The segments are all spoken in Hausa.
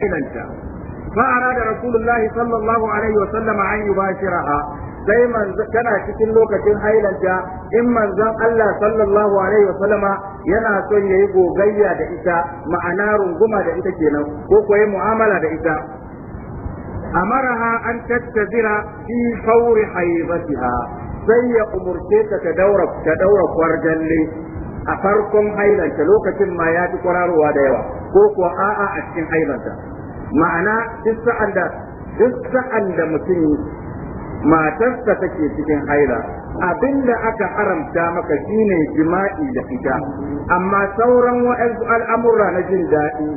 ilanta fa arada rasulullahi sallallahu alaihi wa sallama an yubashiraha sai tana cikin lokacin hailanta in manzon Allah sallallahu alaihi wa sallama yana son yi gogayya da ita ma'ana runguma da ita kenan ko koyi mu'amala da ita amaraha an tattazira fi fawri haibatiha sai ya umurce ta ta daura ta daura kwarjalle a farkon hailanta lokacin ma ya fi kwararowa da yawa ko ko a'a a cikin haibarta ma'ana duk sa'an da duk sa'an da mutum matarsa take cikin haila abinda aka haramta maka shine jima'i da fita. amma sauran wa'azu al'amura na jin daɗi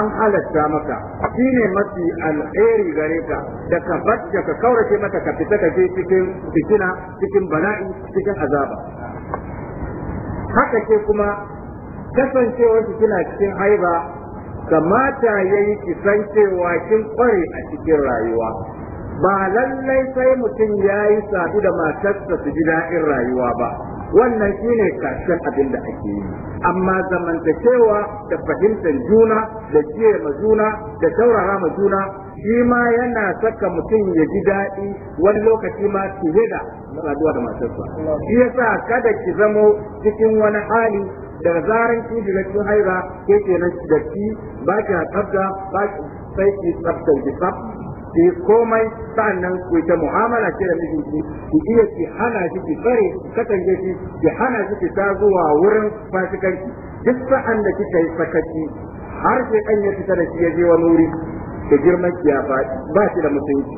an halatta maka shine mafi alheri gare ka da ka bacce ka kaurace mata ka fita ka je cikin fitina cikin bala'i cikin azaba haka ke kuma kasancewar kina cikin haiba kamata ya yi kisan cewa kin kware a cikin rayuwa ba lallai sai mutum ya yi sadu da matarsa su ji daɗin rayuwa ba wannan shine karshen abin da ake yi amma zamantakewa da fahimtar juna da jiye ma juna da taurara ma juna shi ma yana saka mutum ya ji daɗi wani lokaci ma fiye da saduwa da matarsa shi yasa kada ki zamo cikin wani hali da zaran ki shiga cikin haira ke kenan da ki ba ki tsabta ba ki sai ki tsafta ki tsaf ki komai sannan ku ta mu'amala ce da mijinki ki iya ki hana shi ki tsare katange shi ki hana shi ki ta zuwa wurin fasikanki duk sa'an da kika yi sakaci har sai kan ya fita da shi ya je wani wuri da girman ki ya ba shi da mutunci.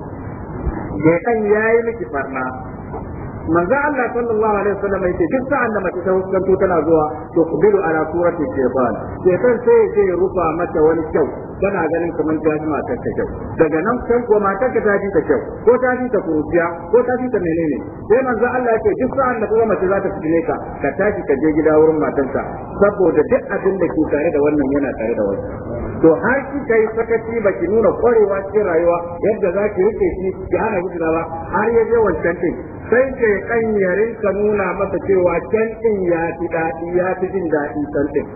Mai ɗan yayi yi miki farna manzon Allah sallallahu alaihi wasallam yake duk sa'an da mace ta huskanto tana zuwa to kubilu ala surati shaytan shaytan sai ya rufa mata wani kyau tana ganin kamar ta ji matar ta kyau daga nan kan ko matar ta ji ta kyau ko ta ji ta kuruciya ko ta ji ta menene sai manzo Allah yake duk sa'an da kuma mace za ta fitine ka ka tashi ka je gida wurin matarka saboda duk abin da ke tare da wannan yana tare da wannan to har kika yi sakaci ba ki nuna kwarewa cikin rayuwa yadda za ki rike shi ki hana da ba har ya je wancan din sai ke kan ya ka nuna masa cewa can din ya fi daɗi ya fi jin daɗi can din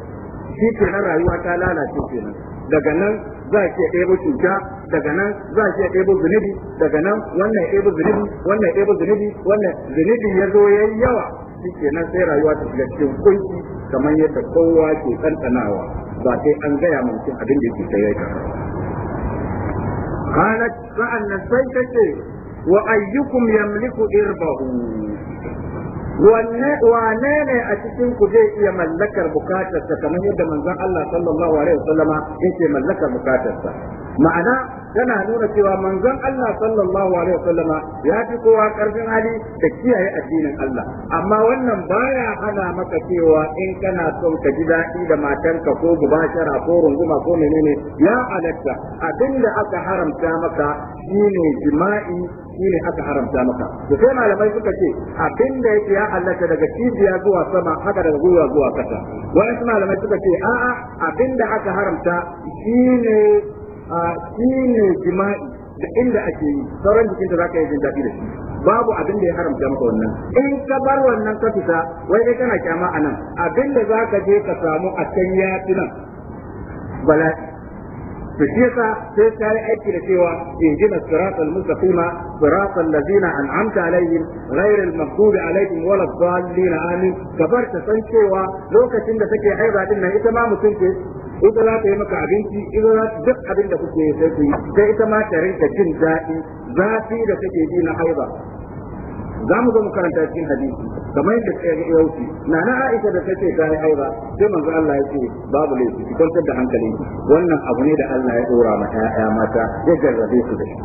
shi rayuwa ta lalace kenan daga nan za ki ɗebo cuta daga nan za ki ɗebo zunubi daga nan wannan ɗebo zunubi wannan ɗebo zunubi wannan zunubi ya zo ya yi yawa shi kenan sai rayuwa ta shiga cikin kunci kamar yadda kowa ke ɗanɗanawa ba sai an gaya mun mutum abin da yake sai ya karba kana sa'an nan sai kace wa ayyukum yamliku irbahu wane ne a cikin ku zai iya mallakar bukatarsa kamar yadda manzon Allah sallallahu alaihi wasallama yake mallakar bukatarsa ma'ana tana nuna cewa manzon Allah sallallahu alaihi ya fi kowa karfin hali da kiyaye addinin Allah amma wannan baya hana maka cewa in kana son ka ji daɗi da matanka ko gubashara ko runguma ko menene ya Abin abinda aka haramta maka shine jima'i ne aka haramta maka to sai malamai suka ce abin da yake ya daga cibiya zuwa sama haka daga gwiwa zuwa kasa wasu malamai suka ce a'a abin da aka haramta shi ne jima'i da inda ake yi sauran jikinta za zaka yi jin daɗi da shi babu abin da ya haramta maka wannan in ka bar wannan ka fita wai dai kana kyama anan abin da za ka je ka samu a can ya fi bala'i to shi yasa sai ka yi aiki da cewa ihdina siratal mustaqima siratal ladzina an'amta alaihim ghairil maghdubi alaihim waladdallin amin kabar ta san cewa lokacin da take aiza din nan ita ma mutum ita za ta yi maka abinci ita za ta duk abin da kuke sai ku yi sai ita ma ta rinka jin daɗi zafi da take ji na haiba. za mu zo mu karanta cikin hadisi kamar yadda ta ya wuce na na Aisha da take ta yi haira sai manzo Allah ya ce babu laifi ki kwantar da hankali wannan abu ne da Allah ya dora mata ya mata ya jarrabe su da shi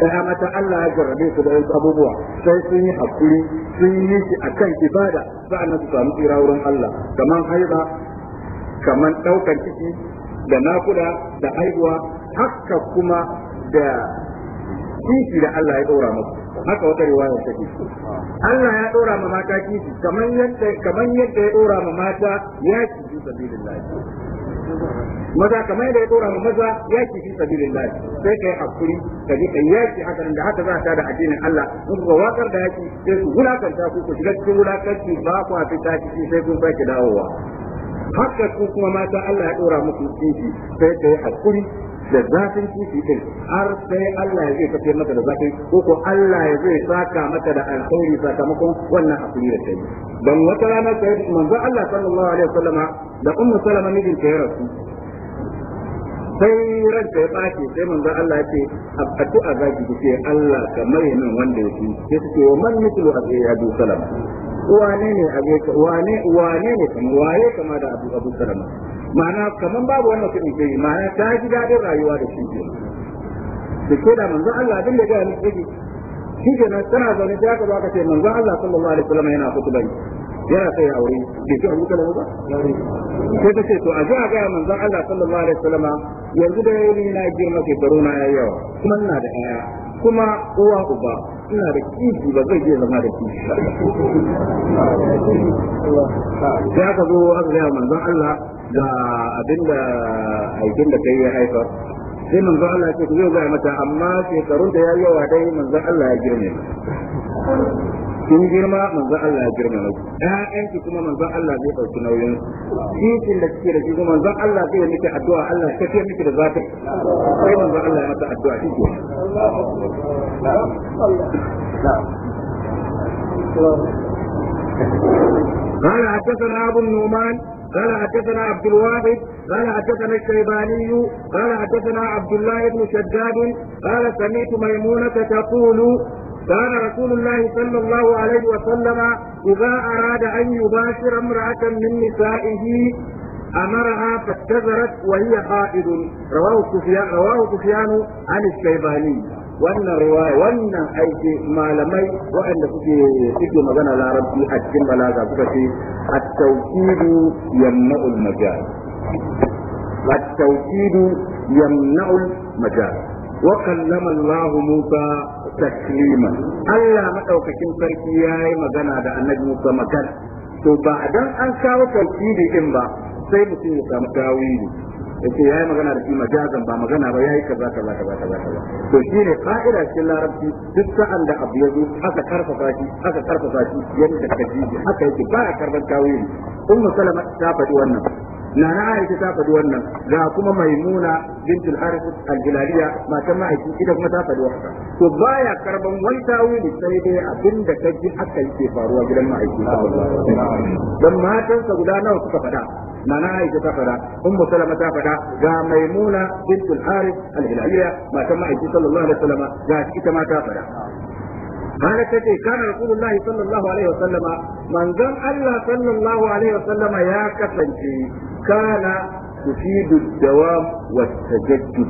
sai mata Allah ya jarrabe su da wasu abubuwa sai sun yi hakuri sun yi shi akan ibada sa'annan su samu tsira wurin Allah kamar haira kamar ɗaukar ciki da nakuda da haihuwa haka kuma da kishi da Allah ya ɗora masa haka wata riwaya take Allah ya dora ma mata kishi kaman yadda kaman yadda ya dora ma mata ya kishi sabilillah maza kamar yadda ya dora ma maza ya kishi sabilillah sai kai hakuri ka ji kai ci haka da haka za ta da addinin Allah in ku wakar da yaki sai su wulakanta ku ku shiga cikin wulakanci ba ku fita ciki sai kun sake dawowa haka ku kuma mata Allah ya dora muku kishi sai kai hakuri da zafin kifi din har sai Allah ya zai tafiyar maka da zafi ko ko Allah ya zai saka maka da alkhairi sakamakon wannan hakuri da kai dan wata rana sai manzo Allah sallallahu alaihi wasallam da ummu salama mijin ta rasu sai ran ta ya bace sai manzo Allah ya ce a zaki ki Allah ka yana min wanda yake sai ce wa man mithlu abi salama wane ne a abe wane wane ne kamar waye kama da abu abu salama ma'ana kamar babu wani mutum ke yi ma'ana ta ji daɗin rayuwa da shi ke da ke da manzon Allah abin da gaya nufi yake shi ke nan tana zaune ta ka baka ce manzon Allah sallallahu alaihi wasallam yana bai yana sai aure ke ce abu karama ba sai ta ce to a ji a ga manzon Allah sallallahu alaihi wasallam yanzu da yayi na girma ke na yayi yawa kuma ina da ɗaya kuma uwa uba ina da kifi ba zai je zama da kifi ba sai aka zo aka gaya manzon Allah da abinda aikin da kai ya haifar sai manzo Allah ya ce ku zai gaya mata amma shekarun da ya yawa dai manzo Allah ya girme kun girma manzon Allah ya girma ku ƴaƴan ki kuma manzon Allah zai dauki nauyin cikin da kike da shi kuma manzon Allah zai miki addu'a Allah ya tafiya miki da zaka sai manzon Allah ya mata addu'a shi ke قال حدثنا ابو النعمان قال حدثنا عبد الواحد قال حدثنا الشيباني قال حدثنا عبد الله بن شداد قال سمعت ميمونة تقول كان رسول الله صلى الله عليه وسلم إذا أراد أن يباشر امرأة من نسائه أمرها فاتذرت وهي قائد رواه سفيان رواه سفيان عن الشيباني wannan riwaya wannan aiki malamai waɗanda suke suke magana larabci a cikin balaga suka ce at-tawkidu yamna'ul majal at-tawkidu yamna'ul majal wa kallama Allah Musa taklima Allah madaukakin sarki yayi magana da Annabi Musa magana to ba dan an kawo tawkidi din ba sai mutum ya samu tawili yace yayi magana da shi majazan ba magana ba yayi kaza kaza kaza kaza kaza to shine ka'ida cikin larabci duk sa'an da abu yazo aka karfafa shi aka karfafa shi yadda kaji haka yake ba a karban tawili ummu salama ta faɗi wannan nana aisha ta faɗi wannan ga kuma maimuna bintul harith al-jilaliya matan ma'aiki ita kuma ta faɗi haka to baya karban wani tawili sai dai abinda kaji haka yake faruwa gidan ma'aiki dan matan sa guda nawa suka faɗa Mana aisha ta fada ummu salama ta fada ga maimuna bintul harith al-hilaliya matan ma'aiki sallallahu alaihi wasallam ga ita ma ta fada قالت تتي كان رسول الله صلى الله عليه وسلم من ذن الله صلى الله عليه وسلم يا كفنتي كان تفيد الدوام والتجدد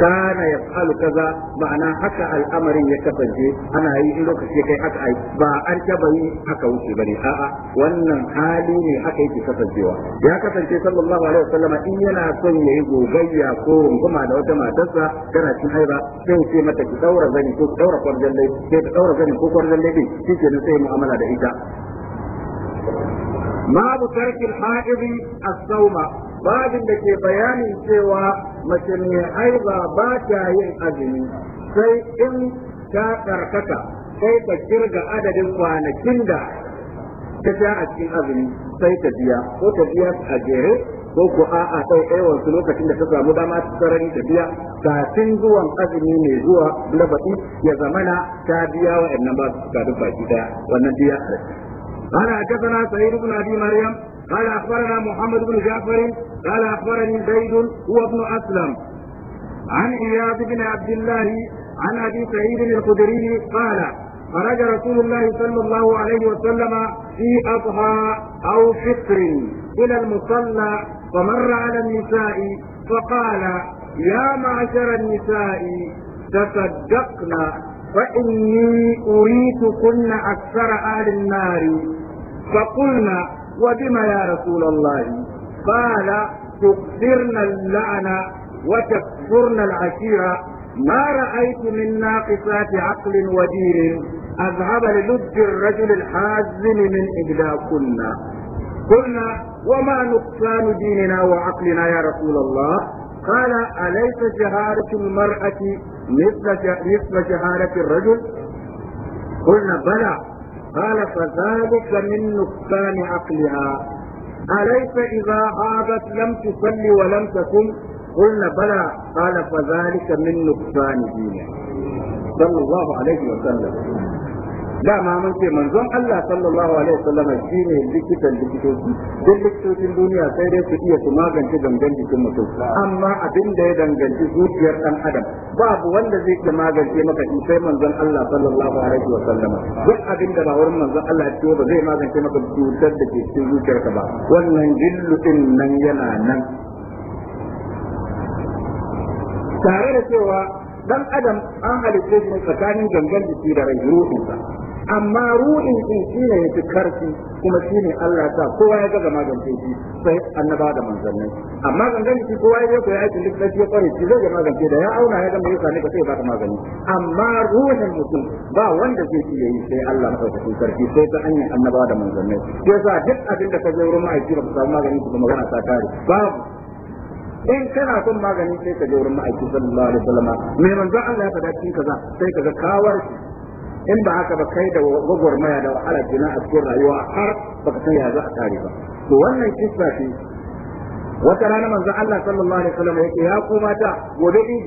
kana ya falu kaza ma'ana haka al'amarin ya kasance ana yi in lokaci kai aka ai ba an taba yi aka wuce bane a'a wannan hali ne haka yake kasancewa ya kasance sallallahu alaihi wasallama in yana son yayi gogayya ko runguma da wata matarsa tana cin haiba sai sai mata ki daura zani ko ki daura kwarjan dai sai ta daura zani ko kwarjan dai shi ke sai mu'amala da ita babu tarkin ha'izi a sauma babin da ke bayanin cewa mace mai aiza ba ta yin azumi sai in ta karkata sai ta kirga adadin kwanakin da ta sha a cikin azumi sai ta biya ko ta biya a jere ko ko a a sai lokacin da ta samu dama ta sarari ta biya kafin zuwan azumi mai zuwa na baɗi ya zamana ta biya wa'annan ba su kafin baki ɗaya wannan biya قال حدثنا سعيد بن ابي مريم قال اخبرنا محمد بن جعفر قال اخبرني زيد هو ابن اسلم عن اياد بن عبد الله عن ابي سعيد الخدري قال خرج رسول الله صلى الله عليه وسلم في اضحى او فطر الى المصلى فمر على النساء فقال يا معشر النساء تصدقنا فإني أريدكن أكثر أهل النار فقلنا وبما يا رسول الله قال تكثرن اللعن وتكثرن العشيرة ما رأيت من ناقصات عقل ودين أذهب للج الرجل الحازم من كنا قلنا وما نقصان ديننا وعقلنا يا رسول الله قال أليس شهادة المرأة مثل مثل شهادة الرجل قلنا بلى قال فذلك من نقصان عقلها أليس إذا غابت لم تصلي ولم تكن قلنا بلى قال فذلك من نقصان دينها صلى الله عليه وسلم dama mun ce manzon Allah sallallahu alaihi wasallam ne likitan likitoci duk likitocin duniya sai dai su iya su magance gangan jikin mutum amma abin da ya danganci zuciyar dan adam babu wanda zai iya magance maka shi sai manzon Allah sallallahu alaihi wasallam duk abin da ba wurin manzon Allah ya ciwo ba zai magance maka cutar da ke cikin zuciyarka ba wannan jillu din nan yana nan tare da cewa dan adam an halitta shi tsakanin gangan jiki da rai ruhinsa amma ruhin in shi ne yafi karfi kuma shi ne Allah ta kowa ya gaga magance shi sai annaba da manzannin amma gangan shi kowa ya koyi aikin duk sai ya kware shi zai magance da ya auna ya gama yasa ne ka sai ba ka magani amma ruhin mutum ba wanda zai iya yi sai Allah madaukakin karfi sai ta hanyar annaba da manzannin sai sa duk abin da ka zo wurin ma'aikata ba ka samu magani kuma magana ta kare babu in kana son magani sai ka je wurin ma'aiki sallallahu alaihi wasallam me manzo Allah ya faɗa cikin kaza sai ga kawar in ba haka ba kai da gwagwarmaya da wahalar jina a cikin rayuwa har ka san ya za a tare ba to wannan kisa ce wata rana manzon Allah sallallahu alaihi wasallam yake ya koma ta gobe idi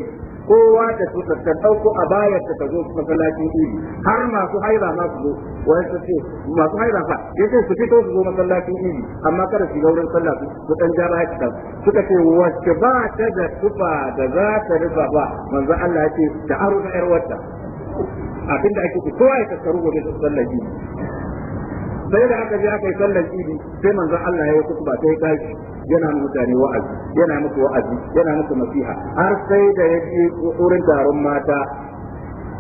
kowa da su ta dauko a bayarta ta ta zo masallacin idi har masu haira ma su zo wani su ce masu haira fa yace su fito su zo masallacin idi amma kada su ga wurin sallah su dan ja baya ta suka ce wacce ba ta da tufa da za ta rufa ba manzon Allah ce ta aro da yar wata abinda ake ku kowa ya tattaru gobe su sallar idi sai da aka je aka yi sallar idi sai manzon Allah ya yi kutuba sai ya tashi yana mutane wa'azi yana muku wa'azi yana muku nasiha har sai da ya je wurin taron mata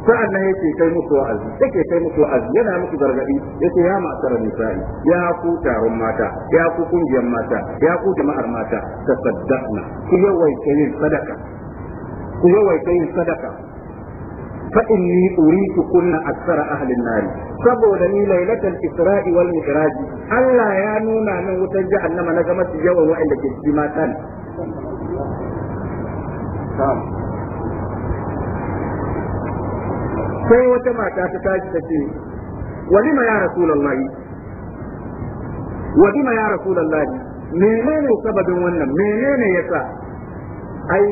sa'an nan yake kai musu wa'azi yake kai musu wa'azi yana musu gargadi yake ya tsara nisa'i ya ku taron mata ya ku kungiyar mata ya ku jama'ar mata tasaddaqna ku yawai kai sadaka ku yawaita yin sadaka fa inni su kunna aksara ahalin nari saboda ni lailatul isra'i wal Allah ya nuna min wutar jahannama na ga mafi yawan wa'anda ke cikin matan sai wata mata ta tashi ta ce walima ya rasulullahi walima ya rasulullahi menene sababin wannan menene yasa ai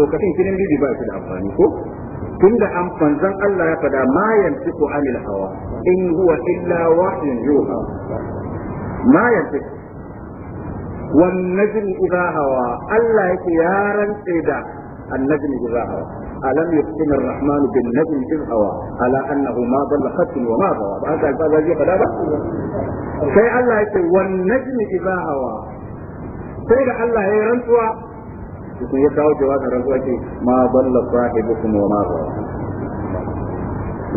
lokacin kinin bibi ba shi da amfani ko tunda an manzon Allah ya faɗa ma yantiqu anil hawa in huwa illa wahyun yuha ma yantiqu wan najm idha hawa Allah yake yaran da an annajm idha hawa alam yuqsim ar bin najm idha hawa ala annahu ma dalla khatun wa ma hawa ba haka ba zai faɗa ba sai Allah yake wan najm idha hawa sai da Allah ya rantsuwa ku ya kawo cewa da rantsuwa ce ma dalla sahibukum wa ma ghawa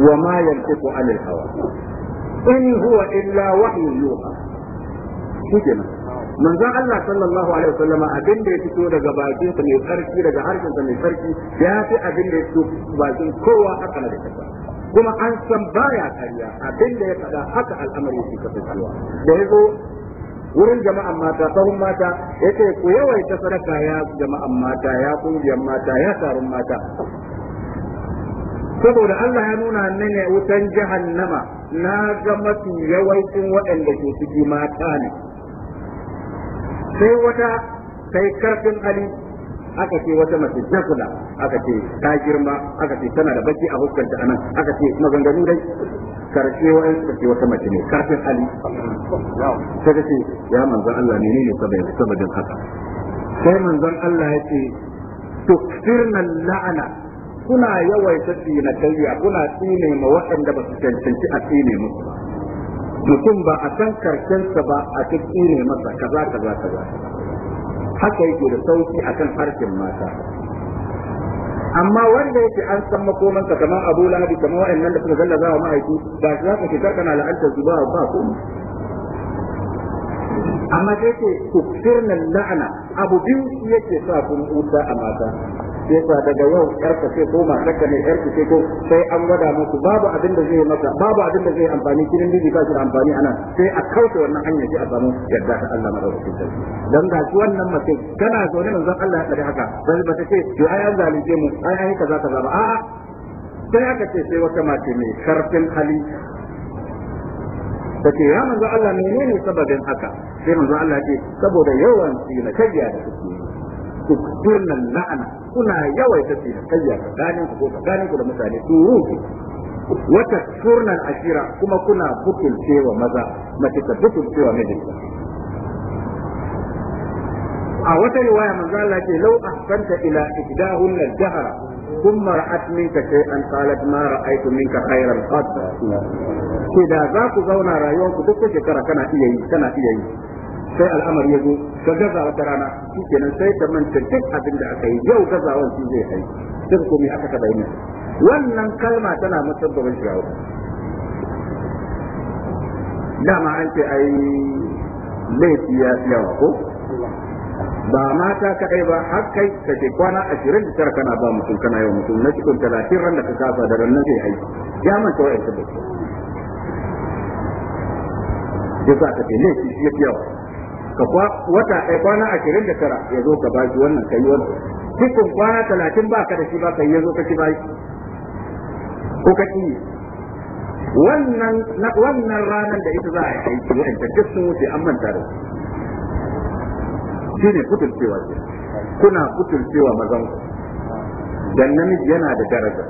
wa ma yantiqu anil hawa in huwa illa wahyu yuha shikenan manzon Allah sallallahu alaihi wasallam abin da ya fito daga bakin sa mai sarki daga harshen sa mai sarki ya fi abin da ya fito bakin kowa haka na da kasa kuma an san baya kariya abin da ya fada haka al'amari yake kasancewa da yazo wurin jama'an mata tsawon mata ya ce ku yawaita sadaka ya jama'an mata ya kungiyar mata ya tarun mata saboda Allah ya nuna nan ne wutan nama na ga mafi yawancin waɗanda ke ciki mata ne sai wata sai karfin hali aka ce wata mace jakula aka ce ta girma aka ce tana da baki a huskanta anan aka ce maganganu dai karshe wa suka ce wata mace ne karfin hali ta ce ya manzon Allah menene sababin haka sai manzan Allah ya ce tukfirna la'ana kuna yawaita tsinatayya kuna tsine ma waɗanda ba su cancanci a tsine musu mutum ba a san karshensa ba a cikin masa kaza kaza kaza haka yake da sauki kan harshen mata amma wanda yake an san makomanka kamar Abu Lahabi kamar waɗannan da suka zalla wa mahaifi ba za ka shi kana la'antar su ba ba ko amma sai ce ku la'ana abu biyu yake sa kun wuta a mata yasa daga yau karka sai ko matarka ne yarka sai ko sai an gwada musu babu abin da zai maka babu abin da zai amfani kirin miji ba da amfani ana sai a kauce wannan hanyar sai a samu yarda ta Allah madaukakin sarki dan ga shi wannan mace kana zaune manzon Allah ya tsare haka bai ba ta ce to ai an zalunce mu ai ai kaza kaza ba a'a sai aka ce sai wata mace mai karfin hali ta ce ya manzo Allah menene sababin haka sai manzo Allah ya ce saboda yawan tsina kariya da suke ku turnan la'ana yawai ta ce kayya ga ganin ku ga ganin ku da mutane su ruhu wata turnan ashira kuma kuna butulcewa maza mace ta butulcewa mijinta a wata riwaya manzo Allah ke lau ahsanta ila ikdahun al-dahra thumma ra'at minka shay'an qalat ma ra'aytu minka khayran qad ke da za ku zauna rayuwarku duk shekara kana iya yi kana iya yi sai al'amari ya zo ka gaza wata rana shi kenan sai ka manta duk abin da aka yi yau gazawan shi zai kai duk komi aka taɓa yi wannan kalma tana musabbaban shirawo dama an ce ai laifi ya yawa ko ba mata kaɗai ba har kai ka ce kwana ashirin da tara kana ba mutum kana yau mutum na cikin talatin ran da ka kasa da ran nan zai aiki ya manta wa'yansa da ke. Ya za ka ce laifi shi ya yawa. ka wata ɗaya kwana ashirin da tara ya zo ka baki wannan kai wannan cikin kwana talatin ba ka da shi ba kai ya zo ka ci baki ko ka ci wannan wannan ranar da ita za a yi aiki wa'anta duk sun wuce an manta da shi ne kuturcewa ce kuna kuturcewa mazan ku dan namiji yana da daraja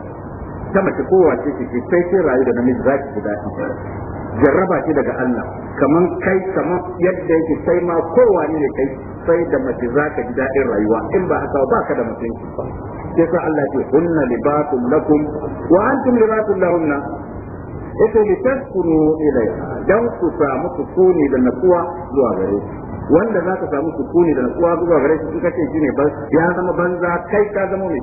ta mace kowace ce ce sai sai rayu da namiji za ki fi daɗi jarraba ce daga Allah kaman kai kaman yadda yake sai ma kowa ne kai sai da mace za ka ji daɗin rayuwa in ba haka ba ka da mutunci ba sai sa Allah ce hunna libatun lakum wa antum libatun lahunna yake ne taskunu ilayha dan ku samu sukuni da natsuwa zuwa gare wanda za ka samu sukuni da natsuwa zuwa gare shi kace shine ba ya zama banza kai ka zama mai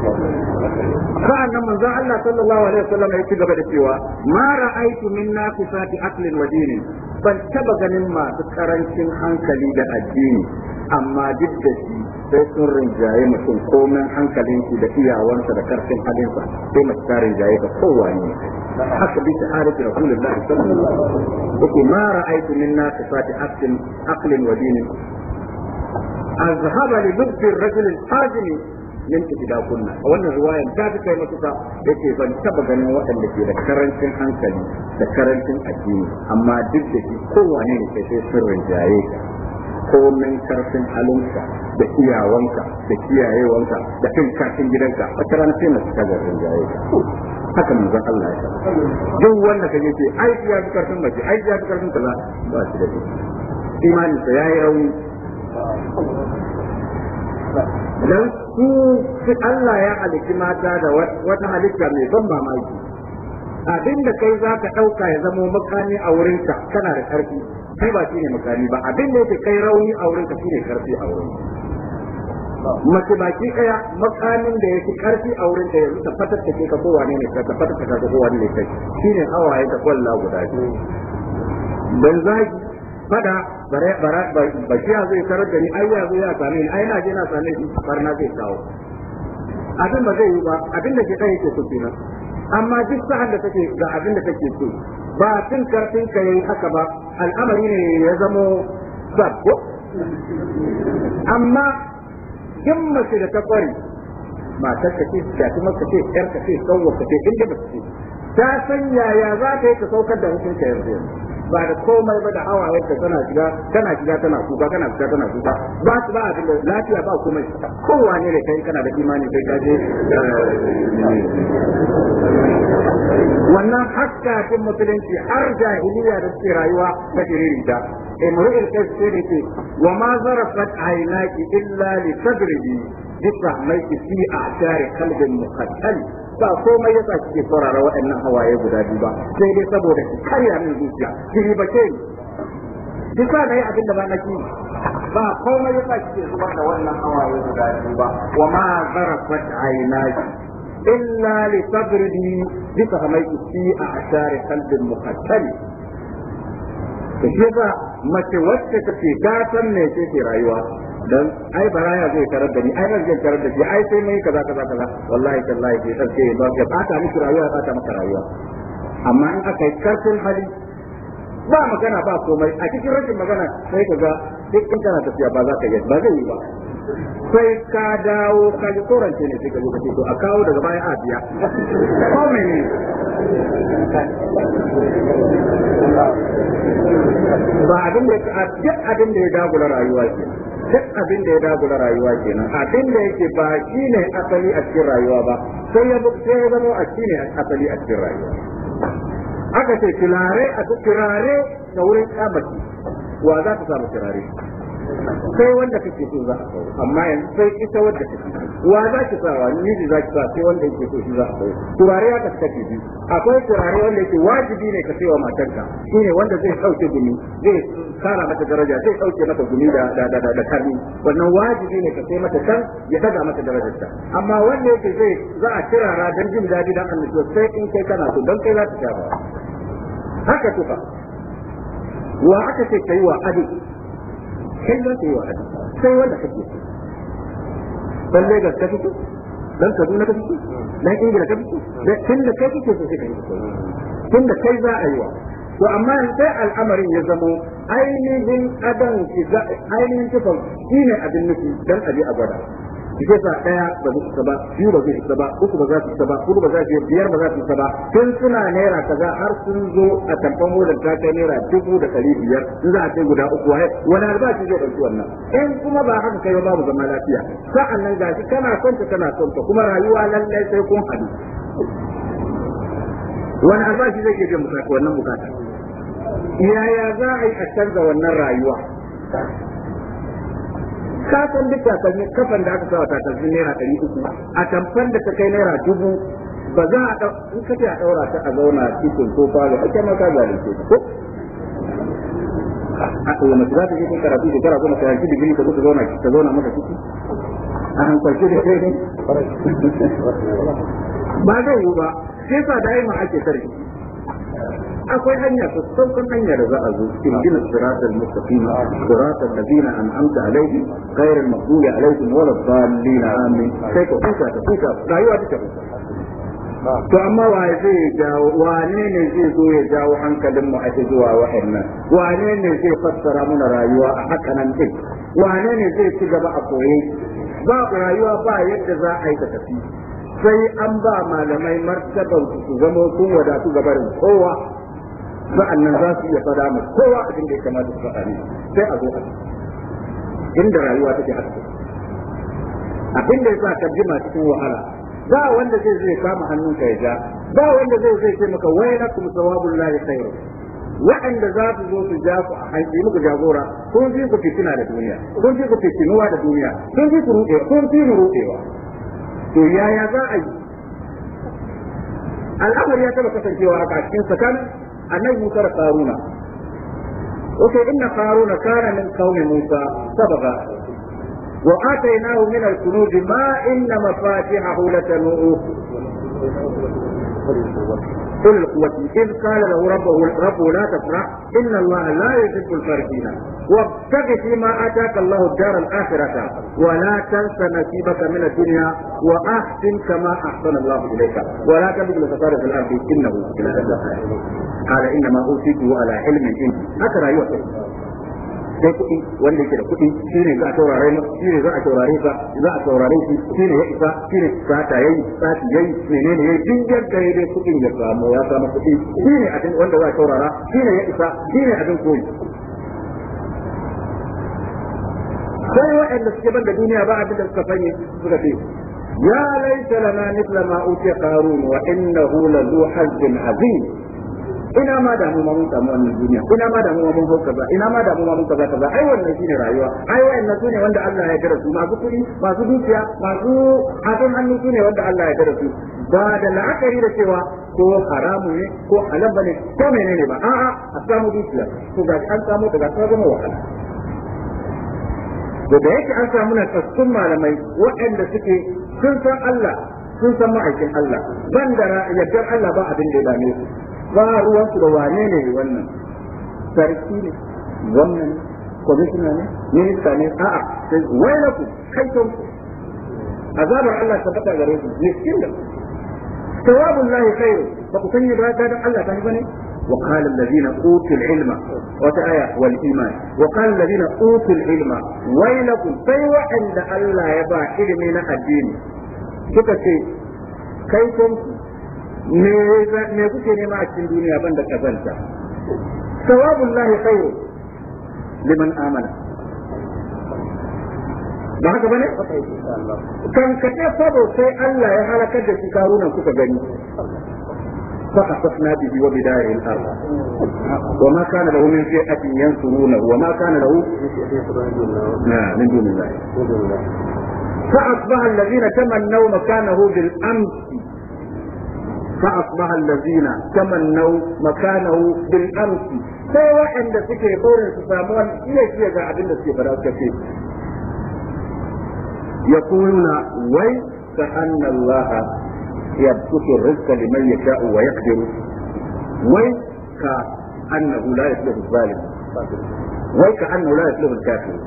sa'an nan manzon Allah sallallahu alaihi wasallam ya ci gaba da cewa ma ra'aitu min sati aqlin wa dini. ban taba ganin masu karancin hankali da addini amma duk da shi sai sun rinjaye mutum komen hankalin shi da iyawansa da karfin halinsa sai mace ta rinjaye ka kowane haka bisa rasulun lafi sallallahu alaihi wasallam yake ma ra'aitu min naqisati aqlin aqlin wa dini. azhaba li dhibbi ar-rajul min ihdakunna a wannan riwayan ta fi kai matuka yace ban taba ganin waɗanda ke da karancin hankali da karancin addini amma duk da shi kowane ne ke sai sirrin jaye komai karfin halinka da iyawanka da kiyayewanka da kan karfin gidanka a tsaron sai masu ta garin jaye haka zan Allah ya sa duk wanda ka yake ai ya fi karfin mace ai ya fi karfin kaza ba shi da shi imanin sa yayi rauni dan su Allah ya halitti mata da wata halitta mai ban mamaki abinda kai za dauka ɗauka ya zama makami a wurin ka kana da ƙarfi kai ba shine makami ba abinda yake kai rauni a wurin ka shine ƙarfi a wurin mace baki ɗaya makamin da yake ƙarfi a wurinka yanzu ta fatar take ka kowa ne ka ta fatar ka kowa ne kai shine hawaye da kwalla guda biyu dan zaki fada bashiya zai karar da ni ai ya zo ya same ni ai na je na same shi barna zai kawo abin ba zai yi ba abin da ke kai yake so kenan amma duk sa'an da take ga abin da take so ba tun karfin ka yi haka ba al'amari ne ya zamo zabbo amma in mace da ta kware matar ka ce ta ce yar ka ce sauwa ka ce inda ba ta san yaya za ka yi ka saukar da hukunta yanzu yanzu ba da komai ba da awa yadda tana shiga tana shiga tana kuka kana fita tana kuka ba su ba abin da lafiya ba komai kowa ne da kai kana da imani kai ka je eh, wannan hakkakin musulunci har jahiliya da suke rayuwa ta iririta imru'il kasiri ce wa ma zarafat aynaki illa li sadrihi bisa mai fi a share kalbin muqattal ba komai yasa kike saurara waɗannan hawaye guda biyu ba sai dai saboda ki karya min zuciya ki ribace ni ki sa na yi abin da ba na ki ba komai yasa kike zuwa da wannan hawaye guda biyu ba wa ma zarafat aynaki illa li sabridi bi fahmaiki fi a'shari qalbin muqattali to shi mace wacce take gatan ne ce rayuwa dan ai baraya zai tarar da ni ai zai tarar da shi ai sai mai kaza kaza kaza wallahi tallahi sai sarki ba ya bata miki rayuwa ba ta maka rayuwa amma in aka yi karfin hali ba magana ba komai a cikin rashin magana sai ka ga duk in kana tafiya ba za ka yi ba zai yi ba sai ka dawo ka ji korance ne sai ka zo ka ce to a kawo daga baya a biya ko mene ba abin da ya dagula rayuwa ke duk abin da ya dagula rayuwa kenan abin da yake ba shi ne asali a cikin rayuwa ba sai ya zama a shi ne asali a cikin rayuwa aka ce kirare a kirare da wurin kamaki wa za ta samu kirare sai wanda kake so za a kawo amma yanzu sai ita wanda kake wa za ki sa wa ne za ki sa sai wanda kake so shi za a kawo turare ya kasu kake biyu akwai turare wanda yake wajibi ne ka saiwa matarka shine wanda zai sauke gumi zai kara mata daraja zai sauke mata gumi da da da da karni wannan wajibi ne ka sai mata kan ya daga mata ta. amma wanda yake zai za a kirara dan jin daɗi dan annabi sai in kai kana so dan kai za ta sha ba haka tufa wa aka ce kai wa adi kai za ka yi wa hadu sai wanda kake so dan Lagos ka fito dan Kaduna ka fito dan Ingila ka fito tun da kai kake so sai ka yi tun da kai za a yi wa to amma sai al'amarin ya zamo ainihin adam ainihin tufan shine abin nufi dan abi a gwada ke sa daya ba zai isa ba biyu ba zai isa ba uku ba za su isa ba hudu ba za su biyar ba za su isa ba tun suna naira kaza har sun zo a tamfan hodar ta kai naira dubu da ɗari biyar in za a kai guda uku wai wani albashi zai ɗauki wannan in kuma ba haka kai ba babu zama lafiya sa'an nan gashi kana son ta kana son ta kuma rayuwa lallai sai kun haɗu wani albashi zai iya wannan bukata yaya za a yi a canza wannan rayuwa ka san ta sanya kafan da aka sa takalmi naira ɗari uku a tamfan da ta kai naira dubu ba za a ɗau in kace a ɗaura ta a zauna cikin ko falo a maka ka zalunce ko a ɗaya mace za ta yi kuka rafi shekara kuma ta yanki digiri ka zo zauna ta zauna maka ciki a hankalci da kai ne ba zai yi ba sai sa ma ake sarki akwai hanya ta saukan hanya da za a zo cikin gina siratal mustaqim siratal ladina an'amta alaihim ghayril maghdubi alaihim waladdallin amin sai ko kuka ta kuka rayuwa ta to amma wa zai jawo wane ne zai zo ya jawo hankalin mu ake zuwa wa'annan wane ne zai fassara mana rayuwa a hakanan din wane ne zai ci gaba a koye ba rayuwa ba yadda za a yi ta tafi sai an ba malamai martaban su zama sun wadatu gabarin kowa sa'annan za su iya fada mu kowa abin da ya kamata su faɗa ne sai a zo a inda rayuwa take haske abin da ya sa ka jima cikin wahala ba wanda zai zai kama hannunka ya ja ba wanda zai zai ce maka sawabun sawabullahi khairu wa'anda za su zo su ja ku a hanki muku jagora sun fi ku fitina da duniya sun fi ku fitinuwa da duniya sun fi ku ruɗewa sun fi mu ruɗewa to yaya za a yi al'amari ya taɓa kasancewa haka cikin tsakanin annabi Musa da Qaruna okay inna karuna kana min qaumi Musa sabaga wa atainahu min al-kunuz ma inna mafatihahu latanu'u قل القوة إذ قال له ربه ربه لا تفرح إن الله لا يحب الفرحين وابتغ فيما آتاك الله الدار الآخرة ولا تنس نصيبك من الدنيا وأحسن كما أحسن الله إليك ولا تبغ الفساد في الأرض إنه قال إنما أوتيته على علم عندي هكذا يوحي sai kuɗi wanda yake da kuɗi shine za a taurare shine za a taurare ka za a taurare shi shine ya isa shine sata yayi sati yayi menene yayi duk yadda ya dai kuɗin ya samu ya samu kuɗi shine abin wanda za a taurara shine ya isa shine abin koyi sai waɗanda suke ban da duniya ba abin da suka sani suka ce ya laita lana mithla ma utiya qarun wa innahu lazu hazzin azim ina ma damu ma mun samu wannan duniya ina ma damu ma mun hau kaza ina ma damu ma mun kaza kaza ai wannan shine rayuwa ai wannan sune wanda Allah ya gara su masu kuɗi masu dukiya masu hakan hannu sune wanda Allah ya gara su ba da la'akari da cewa ko haramu ne ko halal bane ko menene ba a'a a samu dukiya to ga an samu daga sabon wahala da da yake an samu na tsatsun malamai waɗanda suke sun san Allah sun san ma'aikin Allah ban da yardar Allah ba abin da ya dame su ba ruwan su da wane ne wannan sarki ne wannan kwamishina ne minista ne a'a sai wai na ku kai ku azabar Allah ta faɗa gare su miskin da ثواب الله خير فقتني بهذا الله تهبني وقال الذين اوتوا العلم ilma. Wai na الذين sai العلم ويلكم Allah ya ba ilimi na addini. suka ce kai kun me kuke nema a cikin duniya ban da kazanta sawabun lahi khairu liman amana ba haka bane kan sabo sai Allah ya halakar da shi karunan kuka gani فخسفنا به وبدار الارض وما كان له من فئه ينصرونه وما كان له من دون الله فاصبح الذين تمنوا مكانه amsi. فأصبح الذين تمنوا مكانه بالأمس سواء عند سكي قول الفسامون إلا شيء ذا عبد كثير يقولون وي كأن الله يبسط الرزق لمن يشاء ويقدر وي كأنه لا يفلح الظالم وي كأنه لا يفلح الكافر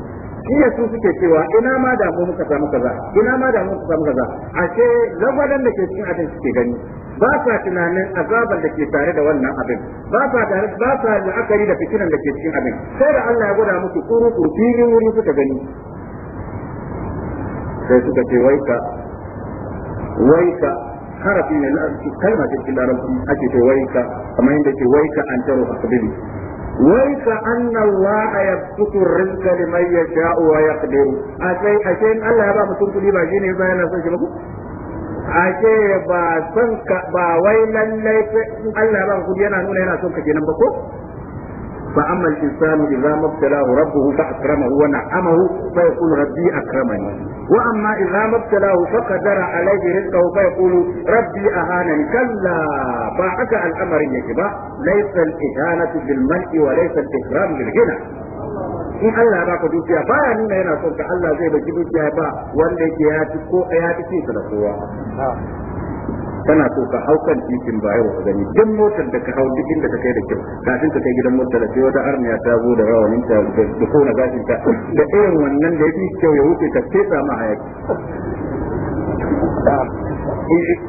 jiya su suke cewa ina ma da mu muka samu kaza ina ma da mu muka samu kaza ashe zagwadan da ke cikin abin suke gani ba sa tunanin azabar da ke tare da wannan abin ba sa tare ba sa la'akari da fitinan da ke cikin abin sai da Allah ya gwada musu kuru kuru filin wuri suka gani sai suka ce wai wai ka harafi ne na kalmar ce cikin larabci ake ce wai ka kamar yadda ke ka an taro a kabili warin ka anana wa ayat tutu riske di ma ya sa uwa ya allah abu a son kudi ba jinifin ba yana son ki baku a ce ba sonka ba wai nan laife allah abu a ka fudu yana anan yana son ka gina ba ko. فأما الإنسان إذا ما ابتلاه ربه فأكرمه ونعمه فيقول ربي أكرمني وأما إذا ما ابتلاه فقدر عليه رزقه فيقول ربي أهانني كلا فحكى الأمر يجب ليس الإهانة بالمنع وليس الإكرام بالغنى in Allah ya baka dukiya baya nuna yana son ka Allah zai baki dukiya ba wanda yake ya ci ko ya ci da kowa kana so ka hau kan titin ba yau gani duk motar da ka hau duk inda ka kai da kyau kafin ka kai gidan motar da sai wata armiya ta zo da rawanin ta da kona gashin ta da irin wannan da yafi kyau ya wuce ka fesa ma hayaki in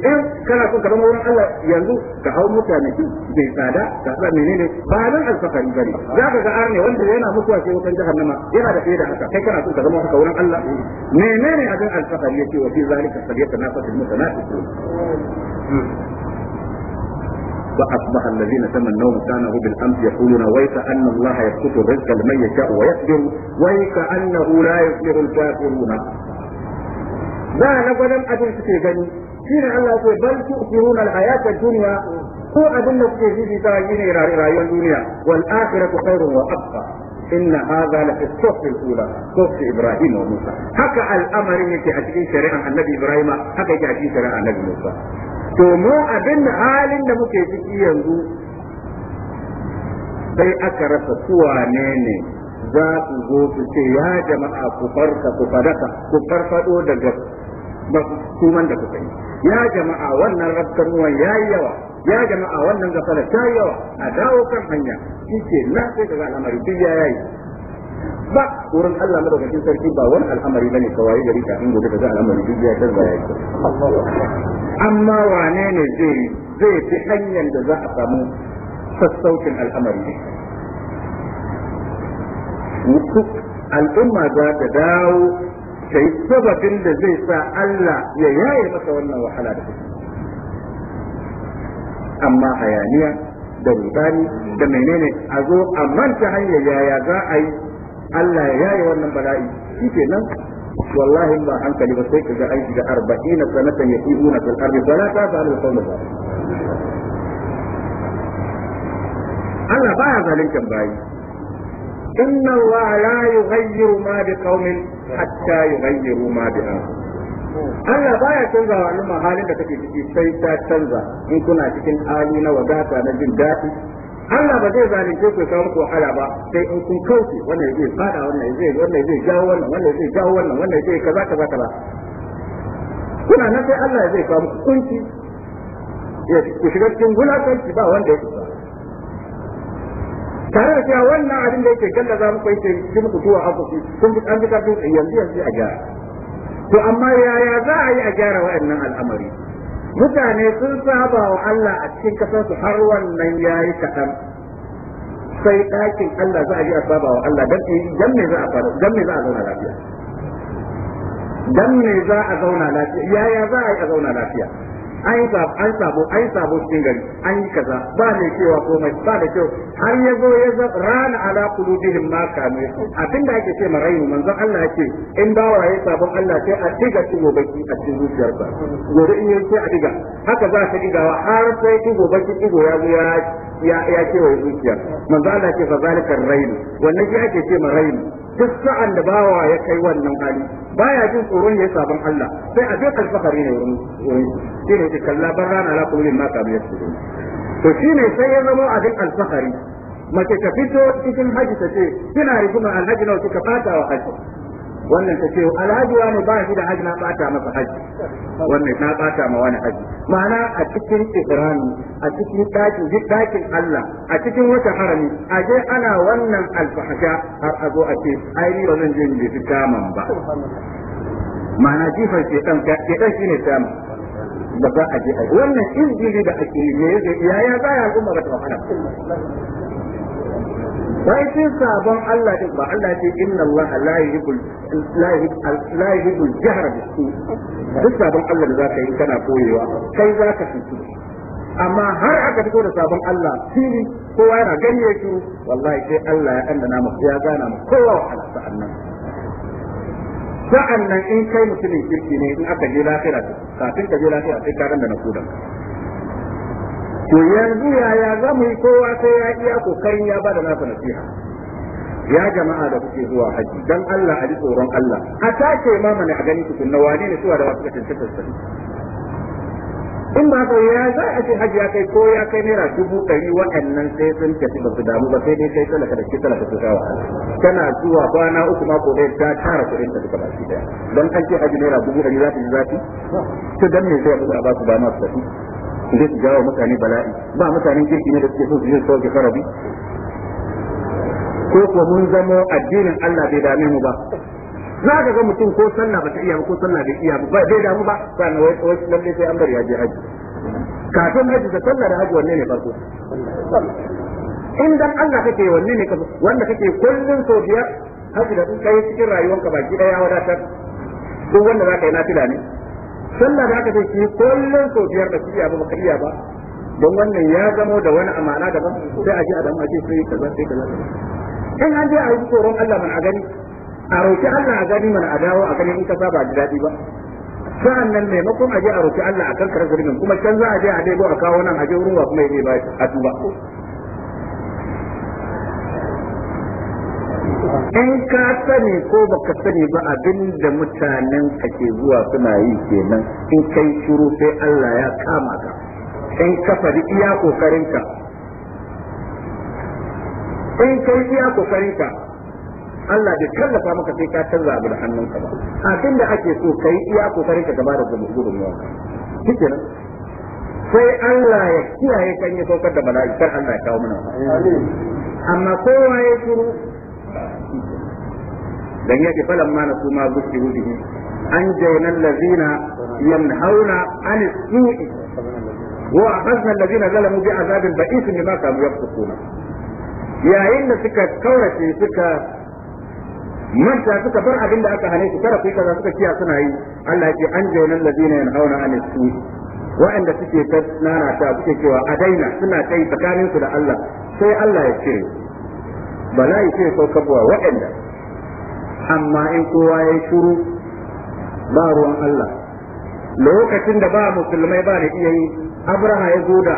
kana son ka zama wurin Allah yanzu ka hau mutane ki bai tsada ka sa menene ba nan alfakari bane za ka ga arne wanda yana mutuwa sai wutan jahannama yana da fiye da haka kai kana son ka zama haka wurin Allah menene abin alfakari yake wa fi zalika sabiyata nafatul mutanafisun فأصبح الذين تمنوا مكانه بالأمس يقولون ويك أن الله يبسط الرزق لمن يشاء ويقدر ويك أنه لا يفلح الكافرون. لا نقدم أبن سكيبني shine Allah ke bal tu'thiruna al-hayata ad-dunya ko abin da kuke jiji ta shine rayuwar duniya wal akhiratu khairun wa abqa inna hadha la fi al-ula sawf ibrahim wa musa haka al'amarin yake a cikin shari'an annabi ibrahim haka yake a cikin shari'an annabi musa to mu abin halin da muke ciki yanzu sai aka rasa kuwa ne ne za su zo su ce ya jama'a ku ku fadaka ku farfado daga tuman da kuka ya jama'a wannan rabkanuwan yayi yawa ya jama'a wannan gafara ta yawa a dawo kan hanya shi ke nan sai daga al'amari duk ya yayi ba wurin Allah madaukakin sarki ba wani al'amari bane kawai gari ka in gobe kaga al'amari duk ya canza ya yi amma wane ne zai zai fi hanyar da za a samu sassaucin al'amari al'umma za ta dawo kai sababin da zai sa Allah ya yaye maka wannan wahala da kuma amma hayaniya da rubani da menene a zo a manta hanyar yaya za a yi Allah ya yaye wannan bala'i shi nan wallahi ba hankali ba sai ka ga aiki da na sanatan ya ibu na fil ba na ta fa kawai ba Allah baya zalintan bayi inna الله لا يغير ma bi حتى hatta ما ma bi Allah baya canza wa al'umma halin da kake ciki sai ta canza in kuna cikin hali na wadata na jin daɗi Allah ba zai zalunce ku kawo muku wahala ba sai in kun kauce wannan zai fada wannan zai wannan zai jawo wannan wannan zai jawo wannan wannan zai kaza kaza kaza kuna nan sai Allah zai kawo muku kunci ya shiga cikin wulakanci ba wanda ya kusa. tare da cewa wannan abin da yake gallaza muku yake ji muku tuwa haka ku kun bi an bi karfin yanzu yanzu a gyara to amma yaya za a yi a gyara wa'annan al'amari mutane sun saba wa Allah a cikin kasarsu har wannan yayi kaɗan sai ɗakin Allah za a je a saba wa Allah dan eh, dan me za a fara dan me za a zauna lafiya dan me za a zauna lafiya yaya za a yi a zauna lafiya an yi an sabo an yi sabo cikin gari an yi kaza ba ne cewa komai ba da kyau har ya zo ya zo rana ala kulubihim ma kanu da ake ce ma rayu manzon Allah yake in wa yi sabon Allah sai a diga cikin gobaki a cikin zuciyar ba. gobe in yi sai a diga haka za ka diga har sai cikin gobaki tugo ya zo ya ya ya wa zuciya manzo Allah ce fa zalikar rayu wannan shi ake ce ma rainu duk sa'an da bawa ya kai wannan hali baya jin tsoron ya sabon Allah sai a duk alfahari ne wurin shi ne kalla ban rana la kullu ma qabila to shi ne sai ya zama a duk alfahari mace ka fito cikin haji ta ce kina rigima alhaji nawa kika fata wa haji wannan ta ce alhaji wani ba shi da haji na bata masa haji wannan na bata ma wani haji ma'ana a cikin ihrami a cikin dakin dakin Allah a cikin wata harami a je ana wannan alfahasha har a zo a ce ai ni ba zan je ni fi kaman ba ma'ana jifan ke shedan shine tamu ba za a je ai wannan injili da ake yi ne ya za ya al'umma ba ta wahala wai cin sabon Allah din ba Allah ce inna Allah la yuhibbul la yuhibbul jahra bisu duk sabon Allah da zaka yi kana koyewa kai zaka fito amma har aka fito da sabon Allah fili kowa yana gani ya shiru wallahi sai Allah ya andana mu ya gana mu kowa Allah sa'annan sa'annan in kai mutumin kirki ne in aka je lafiya kafin ka je lafiya sai ka randa na kudan to yanzu yaya za mu yi kowa sai ya iya kokarin ya bada nasa nasiha ya jama'a da kuke zuwa haji dan Allah a ji tsoron Allah a tace ma mana a gani na, wani ne suwa da wasu tantance in ba ka ya za a ce haji ya kai ko ya kai naira dubu ɗari waɗannan sai sun tafi ba su damu ba sai dai kai talaka da ke talaka su kawo tana zuwa kwana uku mako ɗaya ta tara kuɗin ta duka baki ɗaya don an ce haji naira dubu ɗari za su yi zafi to dan me a ba su dama su tafi zai su jawo mutane bala'i ba mutane kirki ne da suke so su yi sauke farabi ko ko mun zamo addinin Allah bai dame mu ba za ka ga mutum ko sallah ba ta iya ba ko sallah bai iya ba bai damu ba sannan wai wai lalle sai an bar ya je haji kafin haji da sallah da haji wanne ne farko in dan Allah kake wanne ne ka wanda kake kullun so biya haji da kai cikin rayuwanka baki daya wadatar duk wanda za yi nafila ne sallah da aka ce shi kullum sau biyar da kiya ba baka iya ba don wannan ya zamo da wani amana daban sai a ji adam a ce sai kaza sai kaza in an je a yi tsoron Allah man a gani a roki Allah a gani mana a dawo a gani in ka saba ji daɗi ba sa'an nan maimakon a je a roki Allah a kan karar kuma can za a je a dai a kawo nan a je wurin wa kuma ya ba a tuba in ka sani ko baka sani ba abin da mutanen ka ke zuwa suna yi kenan in kai shiru sai Allah ya kama ka in ka faɗi iya kokarinka in kai iya kokarinka Allah bai tallafa maka sai ka canza abu da hannunka ba abin da ake so kai iya kokarinka gaba da gudunmawa kike nan sai Allah ya kiyaye kan yi saukar da bala'i kar Allah ya kawo mana amma kowa ya shiru dan yake falan ma na kuma gusti hudu an jayna allazina yanhauna an su'i wa akhadna allazina zalamu bi azabin ba'is bima kanu yafsukuna yayin da suka kaurace suka manta suka bar abin da aka hane su kada ku kaza suka kiya suna yi Allah ya ce an jayna allazina yanhauna an su'i wa'anda suke ta nana ta suke cewa a daina suna kai tsakaninsu da Allah sai Allah ya ce bala'i sai saukarwa waɗanda amma in kowa ya shuru ba ruwan Allah lokacin da ba musulmai ba da iya yi abraha ya zo da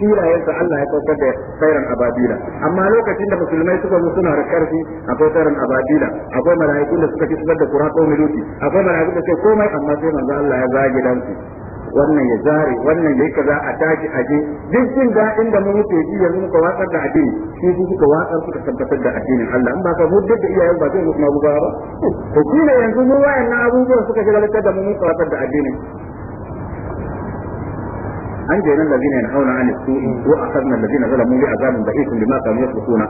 filayensa Allah ya saukar da sairan ababila amma lokacin da musulmai suka zo suna da karfi akwai sairan ababila akwai mala'ikun da suka ci da kura ko miluti akwai mala'ikun da sai komai amma sai manzo Allah ya zage dan wannan ya zare wannan ya yi kaza a tashi a je duk jin daɗin da mun yake ji yanzu muka watsar da addini shi su suka watsar suka tabbatar da addinin Allah in ba ka hujjar da iyayen ba zai musu ba ba to kila yanzu mu wayannan abubuwan suka shigar da mu muka watsar da addinin أنجينا الذين ينهون mun السوء وأخذنا الذين ظلموا بعذاب بئيس بما كانوا suna.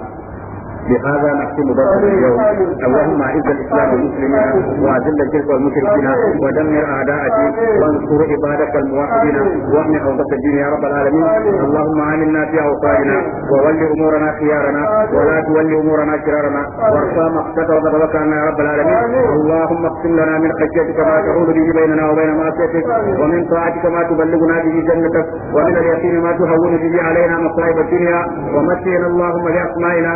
بهذا نختم درس اليوم اللهم اعز الاسلام والمسلمين واذل الشرك والمشركين ودمر اعداء الدين وانصر عبادك الموحدين وامن اوسط الدين يا رب العالمين اللهم امنا في اوطاننا وول امورنا خيارنا ولا تول امورنا شرارنا وارفع مقتك وغضبك عنا يا رب العالمين اللهم اقسم لنا من خشيتك ما تعود به بيننا وبين معصيتك ومن طاعتك ما تبلغنا به جنتك ومن اليقين ما تهون به علينا مصائب الدنيا ومتعنا اللهم لاسمائنا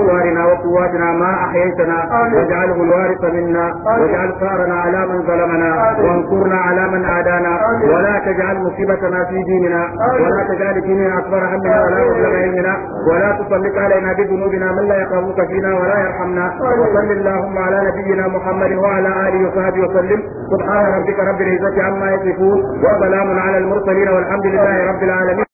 أبصارنا وقواتنا ما أحييتنا واجعله الوارث منا واجعل ثارنا على من ظلمنا وانصرنا على من عادانا ولا تجعل مصيبتنا في ديننا ولا تجعل ديننا أكبر همنا ولا مبلغ علمنا ولا تسلط علينا بذنوبنا من لا يقربك فينا ولا يرحمنا وصل اللهم على نبينا محمد وعلى آله وصحبه وسلم سبحان ربك رب العزة عما يصفون وسلام على المرسلين والحمد لله رب العالمين